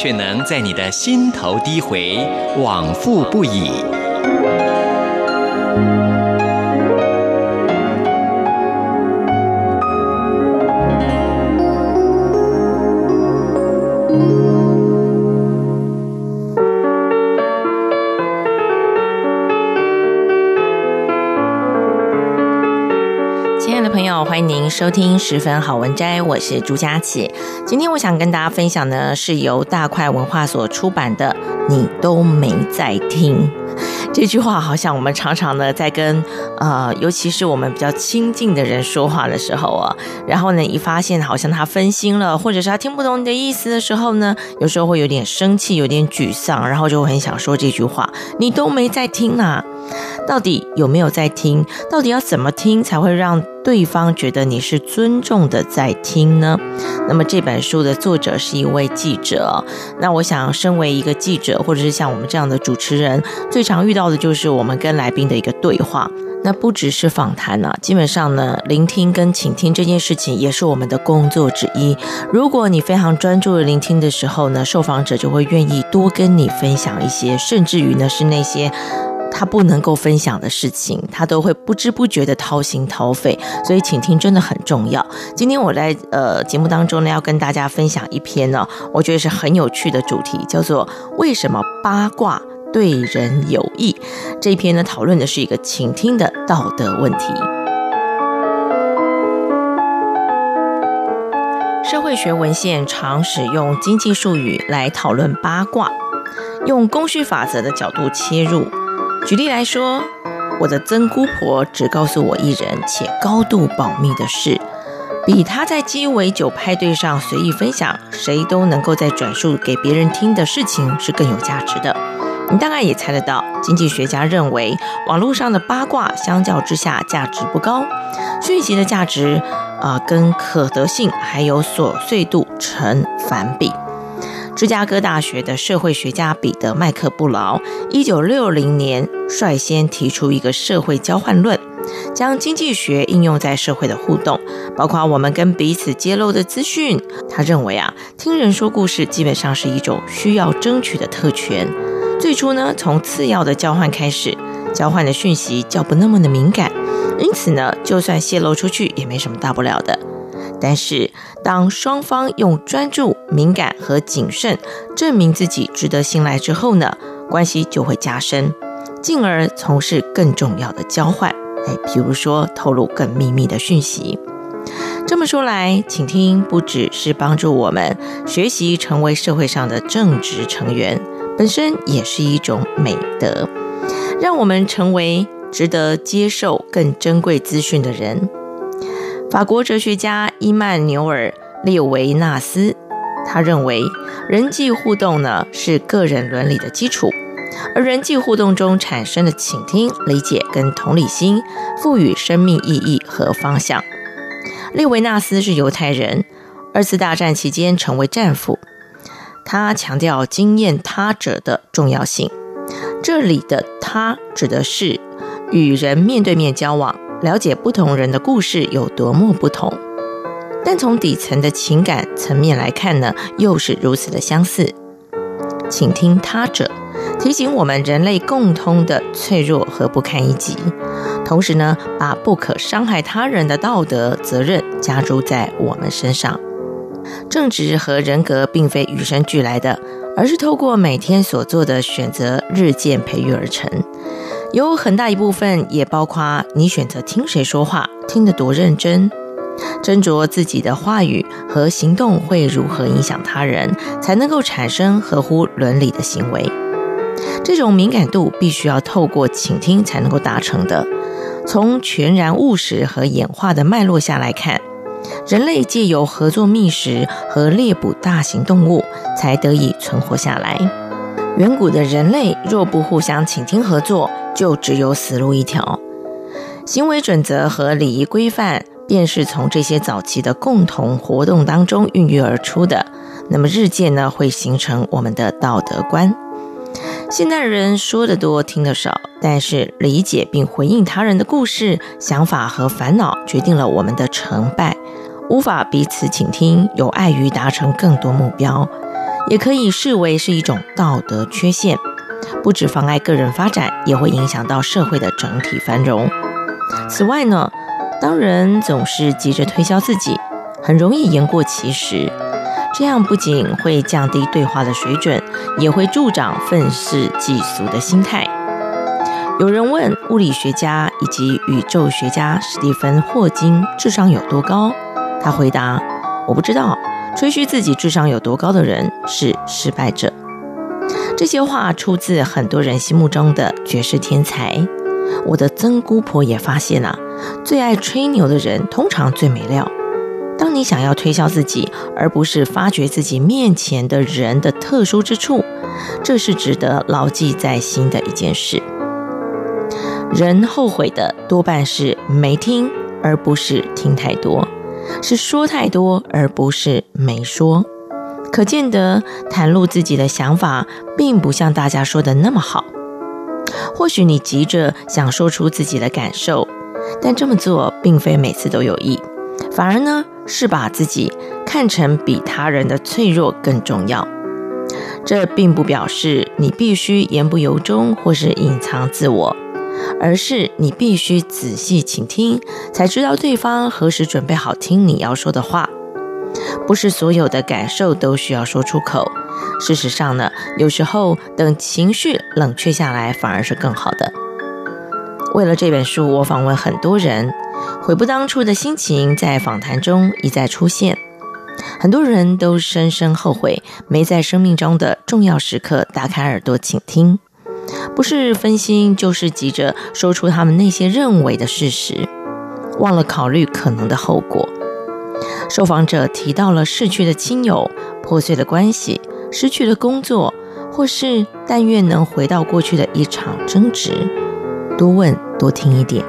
卻能在你的心頭低回，往復不已。親愛的朋友，歡迎您收聽十分好文摘，我是朱佳琪。今天我想跟大家分享的是由大塊文化所出版的《你都沒在聽》這句話，好像我們常常呢在跟呃，尤其是我們比較親近的人說話的時候啊，然後呢一發現好像他分心了，或者是他聽不懂你的意思的時候呢，有時候會有點生氣，有點沮喪，然後就很想說這句話：“你都沒在聽啊，到底有沒有在聽？到底要怎麼聽才會讓？”對方覺得你是尊重的在聽呢，那麼這本書的作者是一位記者。那我想，身為一個記者，或者是像我們這樣的主持人，最常遇到的就是我們跟來賓的一個對話。那不只是訪談呢，啊，基本上呢，聆聽跟傾聽這件事情也是我們的工作之一。如果你非常專注的聆聽的時候呢，受訪者就會願意多跟你分享一些，甚至於呢，是那些，他不能夠分享的事情，他都會不知不覺的掏心掏肺，所以傾聽真的很重要。今天我在呃節目當中呢，要跟大家分享一篇呢、哦，我覺得是很有趣的主題，叫做“為什麼八卦對人有益”。這一篇呢，討論的是一個傾聽的道德問題。社會學文獻常使用經濟術語來討論八卦，用供需法則的角度切入。舉例來說，我的曾姑婆只告訴我一人且高度保密的事，比她在雞尾酒派對上隨意分享、誰都能夠再轉述給別人聽的事情是更有價值的。你大概也猜得到，經濟學家認為網絡上的八卦相較之下價值不高，訊息的價值啊、呃、跟可得性還有瑣碎度成反比。芝加哥大學的社會學家彼得·麥克布勞，一九六零年率先提出一個社會交換論，將經濟學應用在社會的互動，包括我們跟彼此揭露的資訊。他認為啊，聽人說故事基本上是一種需要爭取的特權。最初呢，從次要的交換開始，交換的訊息較不那麼的敏感，因此呢，就算洩露出去也沒什麼大不了的。但是，當雙方用專注、敏感和謹慎證明自己值得信賴之後呢，關係就會加深，進而從事更重要的交換。哎，比如說透露更秘密的訊息。這麼說來，傾聽不只是幫助我們學習成為社會上的正直成員，本身也是一種美德，讓我們成為值得接受更珍貴資訊的人。法國哲學家伊曼紐爾·列維納斯，他認為人際互動呢是個人倫理的基礎，而人際互動中產生的傾聽、理解跟同理心，賦予生命意義和方向。列維納斯是猶太人，二次大戰期間成為戰俘。他強調經驗他者的重要性，這裡的“他”指的是與人面對面交往。了解不同人的故事有多麼不同，但從底層的情感層面來看呢，又是如此的相似。傾聽他者提醒我們人類共通的脆弱和不堪一擊，同時呢，把不可傷害他人的道德責任加諸在我們身上。正直和人格並非與生俱來的，而是透過每天所做的選擇日漸培育而成。有很大一部分也包括你選擇聽誰說話，聽得多認真，斟酌自己的話語和行動會如何影響他人，才能夠產生合乎倫理的行為。這種敏感度必須要透過傾聽才能夠達成的。從全然務實和演化的脈絡下來看，人類借由合作覓食和獵捕大型動物，才得以存活下來。遠古的人類若不互相傾聽合作，就只有死路一條。行為準則和禮儀規範便是從這些早期的共同活動當中孕育而出的。那麼日漸呢，會形成我們的道德觀。現代人說的多，聽得少，但是理解並回應他人的故事、想法和煩惱，決定了我們的成敗。無法彼此傾聽，有礙於達成更多目標。也可以視為是一種道德缺陷，不止妨礙個人發展，也會影響到社會的整體繁榮。此外呢，當人總是急着推銷自己，很容易言過其實，這樣不僅會降低對話的水準，也會助長憤世嫉俗的心態。有人問物理學家以及宇宙學家史蒂芬·霍金智商有多高？他回答：“我不知道。”吹噓自己智商有多高的人是失敗者。這些話出自很多人心目中的絕世天才。我的曾姑婆也發現了啊，最愛吹牛的人通常最沒料。當你想要推銷自己，而不是發掘自己面前的人的特殊之處，這是值得牢記在心的一件事。人後悔的多半是沒聽，而不是聽太多。是說太多，而不是沒說。可見得袒露自己的想法，並不像大家說的那麼好。或許你急着想說出自己的感受，但這麼做並非每次都有益，反而呢是把自己看成比他人的脆弱更重要。這並不表示你必須言不由衷或是隱藏自我。而是你必須仔細傾聽，才知道對方何時準備好聽你要說的話。不是所有的感受都需要說出口。事實上呢，有時候等情緒冷卻下來，反而是更好的。為了這本書，我訪問很多人，悔不當初的心情在訪談中一再出現。很多人都深深後悔沒在生命中的重要時刻打開耳朵傾聽。不是分心，就是急着說出他們那些認為的事實，忘了考慮可能的後果。受訪者提到了逝去的親友、破碎的關係、失去的工作，或是但願能回到過去的一場爭執。多問多聽一點。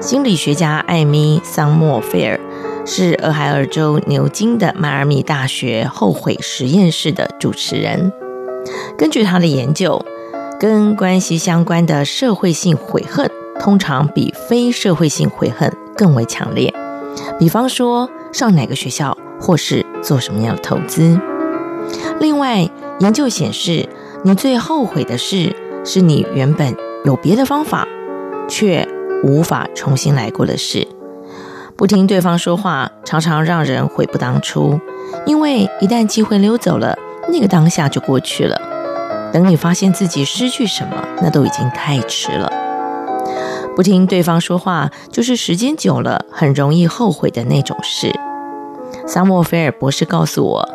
心理學家艾米·桑莫菲爾是俄亥俄州牛津的邁阿密大學後悔實驗室的主持人。根據他的研究，跟關係相關的社會性悔恨，通常比非社會性悔恨更為強烈。比方說，上哪個學校，或是做什麼樣的投資。另外，研究顯示，你最後悔的事，是你原本有別的方法，卻無法重新來過的事。不聽對方說話，常常讓人悔不當初，因為一旦機會溜走了，那個當下就過去了。等你發現自己失去什麼，那都已經太遲了。不聽對方說話，就是時間久了很容易後悔的那種事。薩默菲爾博士告訴我，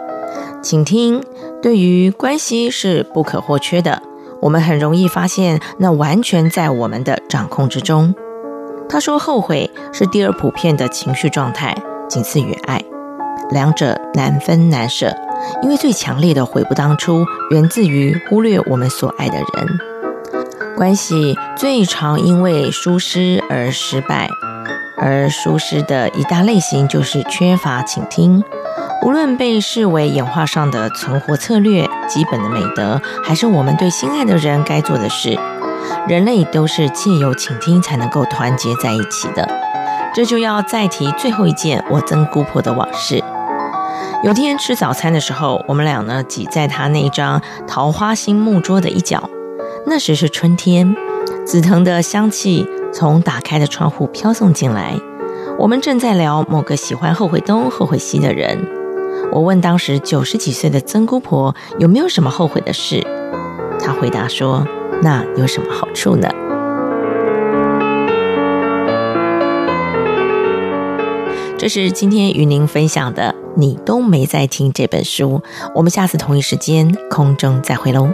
傾聽，對於關係是不可或缺的。我們很容易發現，那完全在我們的掌控之中。他說，後悔是第二普遍的情緒狀態，僅次於愛，兩者難分難捨。因為最強烈的悔不當初，源自於忽略我們所愛的人。關係最常因為疏失而失敗，而疏失的一大類型就是缺乏傾聽。無論被視為演化上的存活策略、基本的美德，還是我們對心愛的人該做的事，人類都是借由傾聽才能夠團結在一起的。這就要再提最後一件我曾姑婆的往事。有天吃早餐的時候，我們倆呢擠在他那一張桃花心木桌的一角。那時是春天，紫藤的香氣從打開的窗戶飄送進來。我們正在聊某個喜歡後悔東後悔西的人。我問當時九十幾歲的曾姑婆有沒有什麼後悔的事，她回答說：“那有什麼好處呢？”這是今天與您分享的，你都沒在聽這本書。我們下次同一時間空中再會嘍！